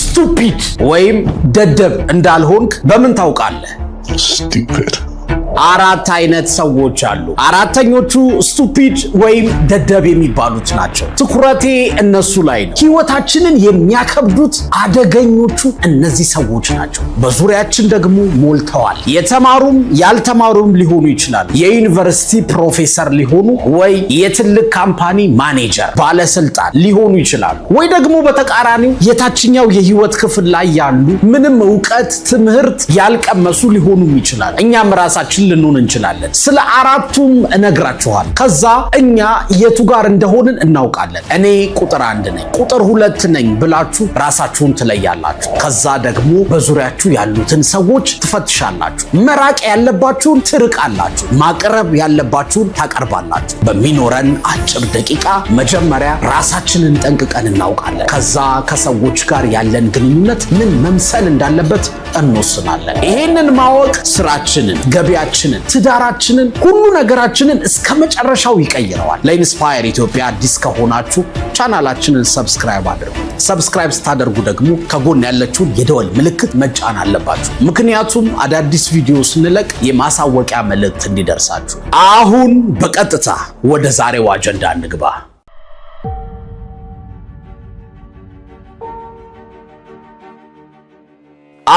ስቱፒድ ወይም ደደብ እንዳልሆንክ በምን ታውቃለህ? ስቱፒድ አራት አይነት ሰዎች አሉ። አራተኞቹ ስቱፒድ ወይም ደደብ የሚባሉት ናቸው። ትኩረቴ እነሱ ላይ ነው። ህይወታችንን የሚያከብዱት አደገኞቹ እነዚህ ሰዎች ናቸው። በዙሪያችን ደግሞ ሞልተዋል። የተማሩም ያልተማሩም ሊሆኑ ይችላሉ። የዩኒቨርሲቲ ፕሮፌሰር ሊሆኑ ወይ የትልቅ ካምፓኒ ማኔጀር ባለስልጣን ሊሆኑ ይችላሉ። ወይ ደግሞ በተቃራኒው የታችኛው የህይወት ክፍል ላይ ያሉ ምንም እውቀት ትምህርት ያልቀመሱ ሊሆኑም ይችላል። እኛም ራሳችን ሰዎችን ልንሆን እንችላለን። ስለ አራቱም እነግራችኋል። ከዛ እኛ የቱ ጋር እንደሆንን እናውቃለን። እኔ ቁጥር አንድ ነኝ፣ ቁጥር ሁለት ነኝ ብላችሁ ራሳችሁን ትለያላችሁ። ከዛ ደግሞ በዙሪያችሁ ያሉትን ሰዎች ትፈትሻላችሁ። መራቅ ያለባችሁን ትርቃላችሁ፣ ማቅረብ ያለባችሁን ታቀርባላችሁ። በሚኖረን አጭር ደቂቃ መጀመሪያ ራሳችንን ጠንቅቀን እናውቃለን። ከዛ ከሰዎች ጋር ያለን ግንኙነት ምን መምሰል እንዳለበት እንወስናለን። ይህንን ማወቅ ስራችንን ገቢያ ህይወታችንን፣ ትዳራችንን፣ ሁሉ ነገራችንን እስከ መጨረሻው ይቀይረዋል። ለኢንስፓየር ኢትዮጵያ አዲስ ከሆናችሁ ቻናላችንን ሰብስክራይብ አድርጉ። ሰብስክራይብ ስታደርጉ ደግሞ ከጎን ያለችውን የደወል ምልክት መጫን አለባችሁ። ምክንያቱም አዳዲስ ቪዲዮ ስንለቅ የማሳወቂያ መልእክት እንዲደርሳችሁ። አሁን በቀጥታ ወደ ዛሬው አጀንዳ እንግባ።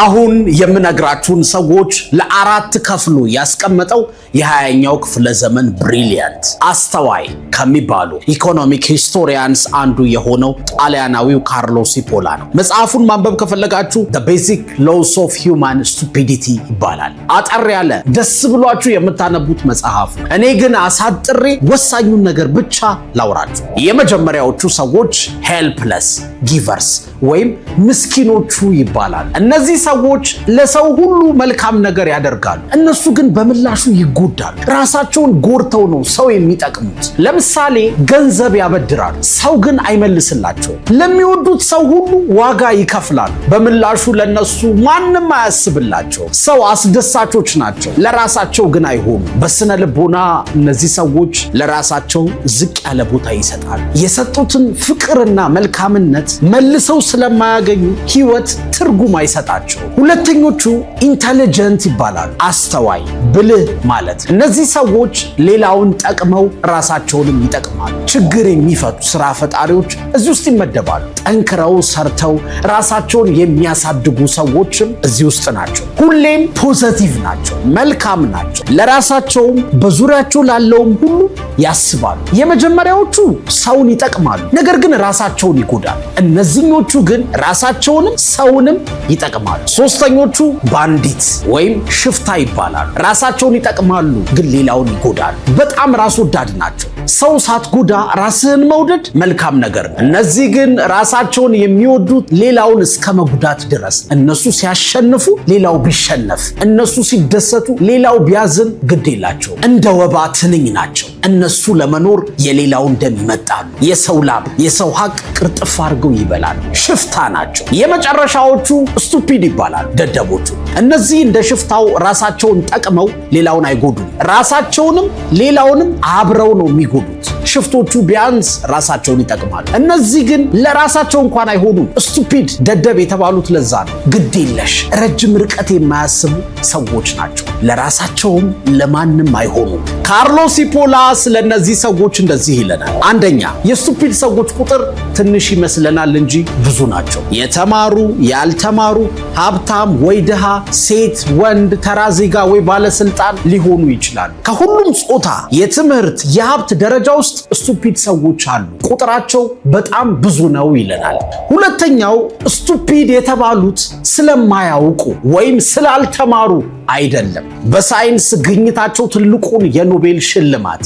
አሁን የምነግራችሁን ሰዎች ለአራት ከፍሉ ያስቀመጠው የሃያኛው ክፍለ ዘመን ብሪሊያንት አስተዋይ ከሚባሉ ኢኮኖሚክ ሂስቶሪያንስ አንዱ የሆነው ጣሊያናዊው ካርሎ ሲፖላ ነው። መጽሐፉን ማንበብ ከፈለጋችሁ ዘ ቤዚክ ሎውስ ኦፍ ሂውማን ስቱፒዲቲ ይባላል። አጠር ያለ ደስ ብሏችሁ የምታነቡት መጽሐፍ። እኔ ግን አሳጥሬ ወሳኙን ነገር ብቻ ላውራችሁ። የመጀመሪያዎቹ ሰዎች ሄልፕለስ ጊቨርስ ወይም ምስኪኖቹ ይባላል። እነዚህ እነዚህ ሰዎች ለሰው ሁሉ መልካም ነገር ያደርጋሉ። እነሱ ግን በምላሹ ይጎዳሉ። ራሳቸውን ጎድተው ነው ሰው የሚጠቅሙት። ለምሳሌ ገንዘብ ያበድራሉ፣ ሰው ግን አይመልስላቸውም። ለሚወዱት ሰው ሁሉ ዋጋ ይከፍላሉ፣ በምላሹ ለነሱ ማንም አያስብላቸው። ሰው አስደሳቾች ናቸው፣ ለራሳቸው ግን አይሆኑም። በስነ ልቦና እነዚህ ሰዎች ለራሳቸው ዝቅ ያለ ቦታ ይሰጣሉ። የሰጡትን ፍቅርና መልካምነት መልሰው ስለማያገኙ ሕይወት ትርጉም አይሰጣል። ናቸው። ሁለተኞቹ ኢንተሊጀንት ይባላሉ፣ አስተዋይ ብልህ ማለት። እነዚህ ሰዎች ሌላውን ጠቅመው ራሳቸውንም ይጠቅማሉ። ችግር የሚፈቱ ስራ ፈጣሪዎች እዚህ ውስጥ ይመደባሉ። ጠንክረው ሰርተው ራሳቸውን የሚያሳድጉ ሰዎችም እዚህ ውስጥ ናቸው። ሁሌም ፖዘቲቭ ናቸው፣ መልካም ናቸው። ለራሳቸውም በዙሪያቸው ላለውም ሁሉ ያስባሉ። የመጀመሪያዎቹ ሰውን ይጠቅማሉ፣ ነገር ግን ራሳቸውን ይጎዳሉ። እነዚህኞቹ ግን ራሳቸውንም ሰውንም ይጠቅማሉ። ይገባል። ሶስተኞቹ ባንዲት ወይም ሽፍታ ይባላሉ። ራሳቸውን ይጠቅማሉ፣ ግን ሌላውን ይጎዳሉ። በጣም ራስ ወዳድ ናቸው። ሰው ሳትጎዳ ራስህን መውደድ መልካም ነገር ነው። እነዚህ ግን ራሳቸውን የሚወዱት ሌላውን እስከ መጉዳት ድረስ፣ እነሱ ሲያሸንፉ ሌላው ቢሸነፍ፣ እነሱ ሲደሰቱ ሌላው ቢያዝን ግድ የላቸው። እንደ ወባ ትንኝ ናቸው። እነሱ ለመኖር የሌላውን ደም ይመጣሉ። የሰው ላብ፣ የሰው ሀቅ ቅርጥፍ አድርገው ይበላሉ። ሽፍታ ናቸው። የመጨረሻዎቹ ስቱፒድ ይባላል ደደቦቹ። እነዚህ እንደ ሽፍታው ራሳቸውን ጠቅመው ሌላውን አይጎዱም። ራሳቸውንም ሌላውንም አብረው ነው የሚጎዱት። ሽፍቶቹ ቢያንስ ራሳቸውን ይጠቅማሉ። እነዚህ ግን ለራሳቸው እንኳን አይሆኑም። ስቱፒድ ደደብ የተባሉት ለዛ ነው። ግድ የለሽ ረጅም ርቀት የማያስቡ ሰዎች ናቸው። ለራሳቸውም ለማንም አይሆኑም። ካርሎስ ሲፖላ ስለነዚህ ሰዎች እንደዚህ ይለናል። አንደኛ የስቱፒድ ሰዎች ቁጥር ትንሽ ይመስለናል እንጂ ብዙ ናቸው። የተማሩ ያልተማሩ፣ ሀብታም ወይ ድሃ፣ ሴት ወንድ፣ ተራ ዜጋ ወይ ባለስልጣን ሊሆኑ ይችላሉ። ከሁሉም ጾታ፣ የትምህርት የሀብት ደረጃ ውስጥ ውስጥ ስቱፒድ ሰዎች አሉ፣ ቁጥራቸው በጣም ብዙ ነው ይለናል። ሁለተኛው ስቱፒድ የተባሉት ስለማያውቁ ወይም ስላልተማሩ አይደለም። በሳይንስ ግኝታቸው ትልቁን የኖቤል ሽልማት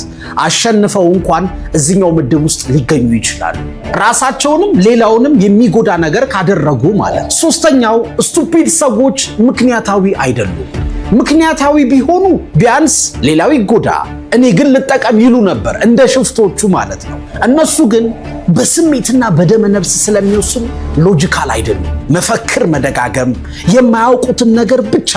አሸንፈው እንኳን እዚኛው ምድብ ውስጥ ሊገኙ ይችላሉ፣ ራሳቸውንም ሌላውንም የሚጎዳ ነገር ካደረጉ ማለት። ሶስተኛው ስቱፒድ ሰዎች ምክንያታዊ አይደሉም። ምክንያታዊ ቢሆኑ ቢያንስ ሌላው ይጎዳ፣ እኔ ግን ልጠቀም ይሉ ነበር፣ እንደ ሽፍቶቹ ማለት ነው። እነሱ ግን በስሜትና በደመ ነፍስ ስለሚወስኑ ሎጂካል አይደሉም። መፈክር መደጋገም፣ የማያውቁትን ነገር ብቻ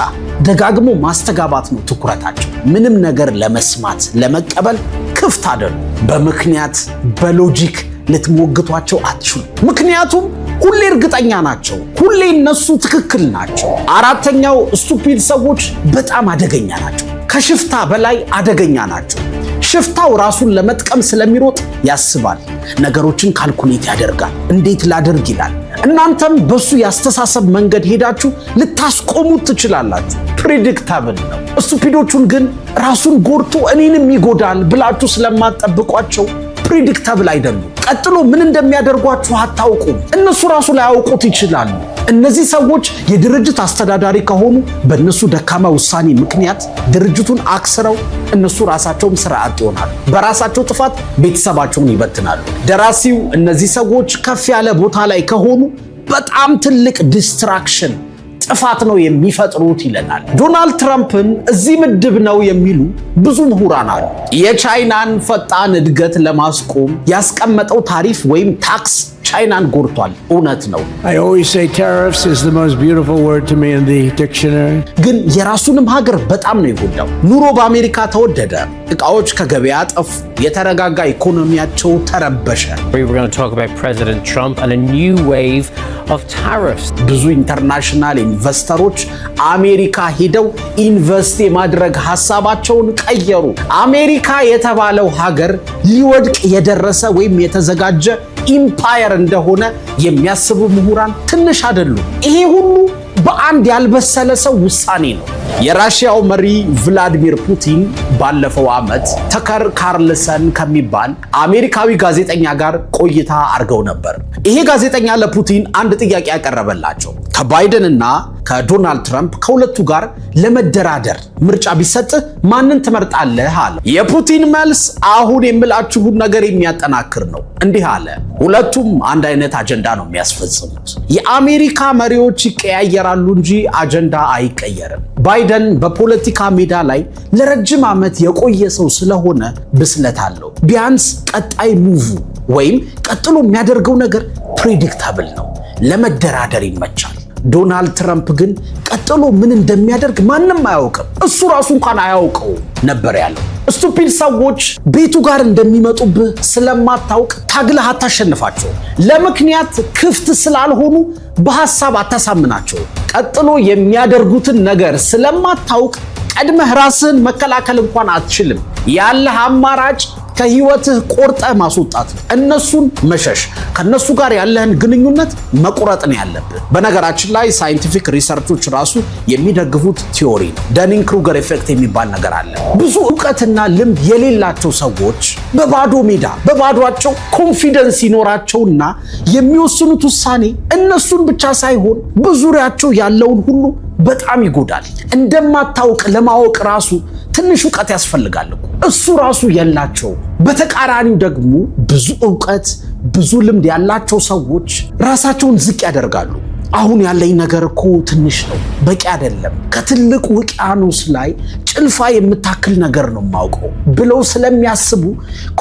ደጋግሞ ማስተጋባት ነው ትኩረታቸው። ምንም ነገር ለመስማት ለመቀበል ክፍት አይደሉም። በምክንያት በሎጂክ ልትሞግቷቸው አትችሉ። ምክንያቱም ሁሌ እርግጠኛ ናቸው። ሁሌ እነሱ ትክክል ናቸው። አራተኛው ስቱፒድ ሰዎች በጣም አደገኛ ናቸው። ከሽፍታ በላይ አደገኛ ናቸው። ሽፍታው ራሱን ለመጥቀም ስለሚሮጥ ያስባል። ነገሮችን ካልኩሌት ያደርጋል። እንዴት ላደርግ ይላል። እናንተም በሱ የአስተሳሰብ መንገድ ሄዳችሁ ልታስቆሙት ትችላላችሁ። ፕሪዲክታብል ነው። እስቱፒዶቹን ግን ራሱን ጎድቶ እኔንም ይጎዳል ብላችሁ ስለማትጠብቋቸው ፕሪዲክታብል አይደሉም። ቀጥሎ ምን እንደሚያደርጓችሁ አታውቁም። እነሱ ራሱ ላያውቁት ይችላሉ። እነዚህ ሰዎች የድርጅት አስተዳዳሪ ከሆኑ በእነሱ ደካማ ውሳኔ ምክንያት ድርጅቱን አክስረው እነሱ ራሳቸውም ስራ አጥ ይሆናሉ። በራሳቸው ጥፋት ቤተሰባቸውን ይበትናሉ። ደራሲው እነዚህ ሰዎች ከፍ ያለ ቦታ ላይ ከሆኑ በጣም ትልቅ ዲስትራክሽን ጥፋት ነው የሚፈጥሩት ይለናል። ዶናልድ ትራምፕን እዚህ ምድብ ነው የሚሉ ብዙ ምሁራን አሉ። የቻይናን ፈጣን እድገት ለማስቆም ያስቀመጠው ታሪፍ ወይም ታክስ ቻይናን ጎድቷል። እውነት ነው። ግን የራሱንም ሀገር በጣም ነው የጎዳው። ኑሮ በአሜሪካ ተወደደ፣ እቃዎች ከገበያ ጠፉ፣ የተረጋጋ ኢኮኖሚያቸው ተረበሸ። ብዙ ኢንተርናሽናል ኢንቨስተሮች አሜሪካ ሄደው ኢንቨስት የማድረግ ሀሳባቸውን ቀየሩ። አሜሪካ የተባለው ሀገር ሊወድቅ የደረሰ ወይም የተዘጋጀ ኢምፓየር እንደሆነ የሚያስቡ ምሁራን ትንሽ አይደሉም። ይሄ ሁሉ በአንድ ያልበሰለ ሰው ውሳኔ ነው። የራሽያው መሪ ቭላዲሚር ፑቲን ባለፈው ዓመት ተከር ካርልሰን ከሚባል አሜሪካዊ ጋዜጠኛ ጋር ቆይታ አድርገው ነበር። ይሄ ጋዜጠኛ ለፑቲን አንድ ጥያቄ ያቀረበላቸው ከባይደንና ከዶናልድ ትራምፕ ከሁለቱ ጋር ለመደራደር ምርጫ ቢሰጥህ ማንን ትመርጣለህ? አለ። የፑቲን መልስ አሁን የምላችሁን ነገር የሚያጠናክር ነው። እንዲህ አለ። ሁለቱም አንድ አይነት አጀንዳ ነው የሚያስፈጽሙት። የአሜሪካ መሪዎች ይቀያየራሉ እንጂ አጀንዳ አይቀየርም። ባይደን በፖለቲካ ሜዳ ላይ ለረጅም ዓመት የቆየ ሰው ስለሆነ ብስለት አለው። ቢያንስ ቀጣይ ሙቭ ወይም ቀጥሎ የሚያደርገው ነገር ፕሬዲክታብል ነው፣ ለመደራደር ይመቻል። ዶናልድ ትራምፕ ግን ቀጥሎ ምን እንደሚያደርግ ማንም አያውቅም። እሱ ራሱ እንኳን አያውቀው ነበር ያለው። ስቱፒድ ሰዎች ቤቱ ጋር እንደሚመጡብህ ስለማታውቅ ታግለህ አታሸንፋቸው። ለምክንያት ክፍት ስላልሆኑ በሐሳብ አታሳምናቸው። ቀጥሎ የሚያደርጉትን ነገር ስለማታውቅ ቀድመህ ራስህን መከላከል እንኳን አትችልም። ያለህ አማራጭ ከህይወትህ ቆርጠ ማስወጣት ነው። እነሱን መሸሽ፣ ከነሱ ጋር ያለህን ግንኙነት መቁረጥ ነው ያለብህ። በነገራችን ላይ ሳይንቲፊክ ሪሰርቾች ራሱ የሚደግፉት ቲዮሪ ነው። ደኒንግ ክሩገር ኤፌክት የሚባል ነገር አለ። ብዙ እውቀትና ልምድ የሌላቸው ሰዎች በባዶ ሜዳ በባዷቸው ኮንፊደንስ ይኖራቸውና የሚወስኑት ውሳኔ እነሱን ብቻ ሳይሆን በዙሪያቸው ያለውን ሁሉ በጣም ይጎዳል። እንደማታውቅ ለማወቅ ራሱ ትንሽ እውቀት ያስፈልጋል እኮ እሱ ራሱ የላቸው። በተቃራኒው ደግሞ ብዙ እውቀት፣ ብዙ ልምድ ያላቸው ሰዎች ራሳቸውን ዝቅ ያደርጋሉ። አሁን ያለኝ ነገር እኮ ትንሽ ነው፣ በቂ አይደለም፣ ከትልቅ ውቅያኖስ ላይ ጭልፋ የምታክል ነገር ነው የማውቀው ብለው ስለሚያስቡ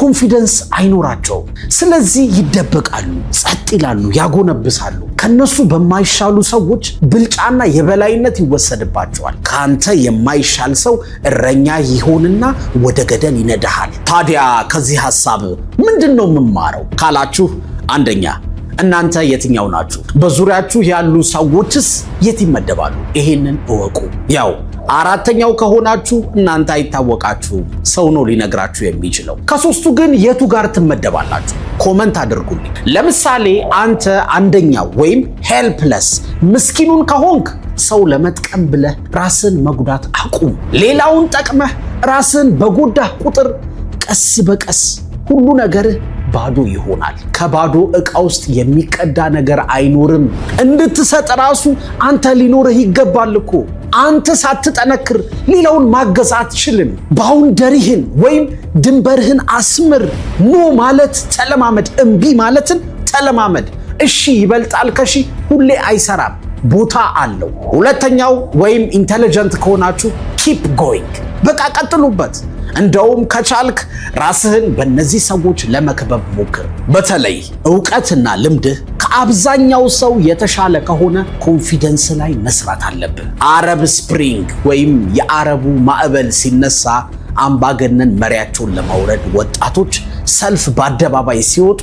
ኮንፊደንስ አይኖራቸውም። ስለዚህ ይደበቃሉ፣ ጸጥ ይላሉ፣ ያጎነብሳሉ። ከነሱ በማይሻሉ ሰዎች ብልጫና የበላይነት ይወሰድባቸዋል። ከአንተ የማይሻል ሰው እረኛ ይሆንና ወደ ገደል ይነዳሃል። ታዲያ ከዚህ ሀሳብ ምንድን ነው የምማረው ካላችሁ አንደኛ እናንተ የትኛው ናችሁ? በዙሪያችሁ ያሉ ሰዎችስ የት ይመደባሉ? ይሄንን እወቁ። ያው አራተኛው ከሆናችሁ እናንተ አይታወቃችሁም፣ ሰው ነው ሊነግራችሁ የሚችለው። ከሶስቱ ግን የቱ ጋር ትመደባላችሁ? ኮመንት አድርጉልኝ። ለምሳሌ አንተ አንደኛው ወይም ሄልፕለስ ምስኪኑን ከሆንክ ሰው ለመጥቀም ብለህ ራስን መጉዳት አቁም። ሌላውን ጠቅመህ ራስን በጎዳህ ቁጥር ቀስ በቀስ ሁሉ ነገርህ ባዶ ይሆናል። ከባዶ እቃ ውስጥ የሚቀዳ ነገር አይኖርም። እንድትሰጥ ራሱ አንተ ሊኖርህ ይገባል እኮ አንተ ሳትጠነክር ሌላውን ማገዝ አትችልም። ባውንደሪህን ወይም ድንበርህን አስምር። ኖ ማለት ተለማመድ። እምቢ ማለትን ተለማመድ። እሺ ይበልጣል ከሺ ሁሌ አይሰራም፣ ቦታ አለው። ሁለተኛው ወይም ኢንቴሊጀንት ከሆናችሁ ኪፕ ጎይንግ፣ በቃ ቀጥሉበት። እንደውም ከቻልክ ራስህን በእነዚህ ሰዎች ለመክበብ ሞክር። በተለይ እውቀትና ልምድህ ከአብዛኛው ሰው የተሻለ ከሆነ ኮንፊደንስ ላይ መስራት አለብን። አረብ ስፕሪንግ ወይም የአረቡ ማዕበል ሲነሳ አምባገነን መሪያቸውን ለማውረድ ወጣቶች ሰልፍ በአደባባይ ሲወጡ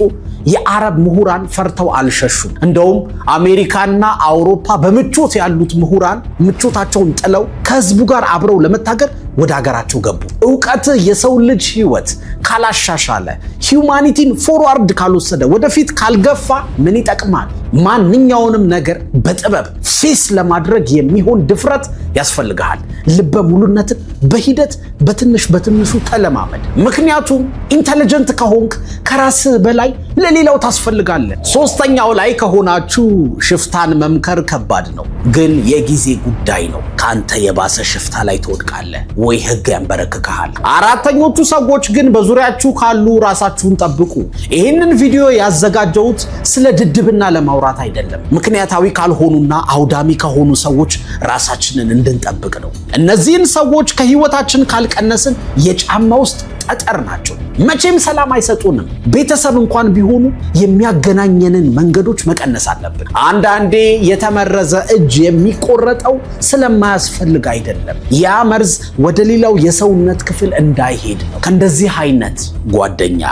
የአረብ ምሁራን ፈርተው አልሸሹም። እንደውም አሜሪካና አውሮፓ በምቾት ያሉት ምሁራን ምቾታቸውን ጥለው ከህዝቡ ጋር አብረው ለመታገር ወደ ሀገራቸው ገቡ። እውቀት የሰው ልጅ ህይወት ካላሻሻለ፣ ሂውማኒቲን ፎርዋርድ ካልወሰደ፣ ወደፊት ካልገፋ ምን ይጠቅማል? ማንኛውንም ነገር በጥበብ ፌስ ለማድረግ የሚሆን ድፍረት ያስፈልግሃል። ልበ ሙሉነትን በሂደት በትንሽ በትንሹ ተለማመድ። ምክንያቱም ኢንተልጀንት ከሆንክ ከራስህ በላይ ለሌላው ታስፈልጋለህ። ሶስተኛው ላይ ከሆናችሁ ሽፍታን መምከር ከባድ ነው፣ ግን የጊዜ ጉዳይ ነው። ከአንተ የባሰ ሽፍታ ላይ ትወድቃለህ ወይ ህግ ያንበረክክሃል። አራተኞቹ ሰዎች ግን በዙሪያችሁ ካሉ ራሳችሁን ጠብቁ። ይህንን ቪዲዮ ያዘጋጀሁት ስለ ድድብና ለማውራት ማውራት አይደለም፣ ምክንያታዊ ካልሆኑና አውዳሚ ከሆኑ ሰዎች ራሳችንን እንድንጠብቅ ነው። እነዚህን ሰዎች ከህይወታችን ካልቀነስን የጫማ ውስጥ ጠጠር ናቸው። መቼም ሰላም አይሰጡንም። ቤተሰብ እንኳን ቢሆኑ የሚያገናኘንን መንገዶች መቀነስ አለብን። አንዳንዴ የተመረዘ እጅ የሚቆረጠው ስለማያስፈልግ አይደለም፣ ያ መርዝ ወደ ሌላው የሰውነት ክፍል እንዳይሄድ ነው። ከእንደዚህ አይነት ጓደኛ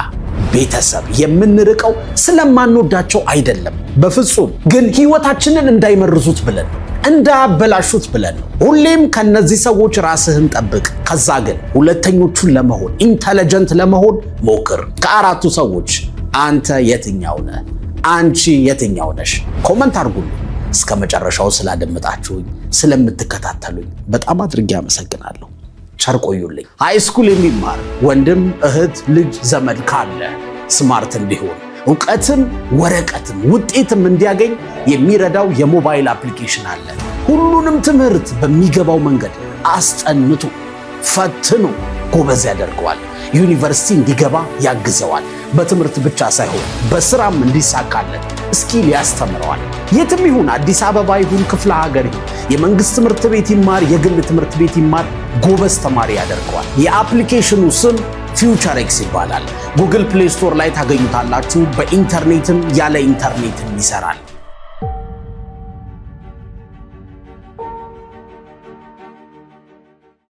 ቤተሰብ የምንርቀው ስለማንወዳቸው አይደለም፣ በፍጹም ግን ህይወታችንን እንዳይመርዙት ብለን እንዳያበላሹት ብለን ነው። ሁሌም ከነዚህ ሰዎች ራስህን ጠብቅ። ከዛ ግን ሁለተኞቹን ለመሆን ኢንተለጀንት ለመሆን ሞክር። ከአራቱ ሰዎች አንተ የትኛው ነህ? አንቺ የትኛው ነሽ? ኮመንት አድርጉልኝ። እስከ መጨረሻው ስላደመጣችሁኝ፣ ስለምትከታተሉኝ በጣም አድርጌ አመሰግናለሁ። ቸር ቆዩልኝ። ሃይስኩል የሚማር ወንድም፣ እህት፣ ልጅ፣ ዘመድ ካለ ስማርት እንዲሆን እውቀትም ወረቀትም ውጤትም እንዲያገኝ የሚረዳው የሞባይል አፕሊኬሽን አለ። ሁሉንም ትምህርት በሚገባው መንገድ አስጠንቱ፣ ፈትኑ፣ ጎበዝ ያደርገዋል። ዩኒቨርሲቲ እንዲገባ ያግዘዋል። በትምህርት ብቻ ሳይሆን በስራም እንዲሳካለት እስኪ ያስተምረዋል። የትም ይሁን አዲስ አበባ ይሁን ክፍለ ሀገር ይሁን የመንግስት ትምህርት ቤት ይማር፣ የግል ትምህርት ቤት ይማር፣ ጎበዝ ተማሪ ያደርገዋል። የአፕሊኬሽኑ ስም ፊውቸር ኤክስ ይባላል። ጉግል ፕሌይ ስቶር ላይ ታገኙታላችሁ። በኢንተርኔትም ያለ ኢንተርኔትም ይሰራል።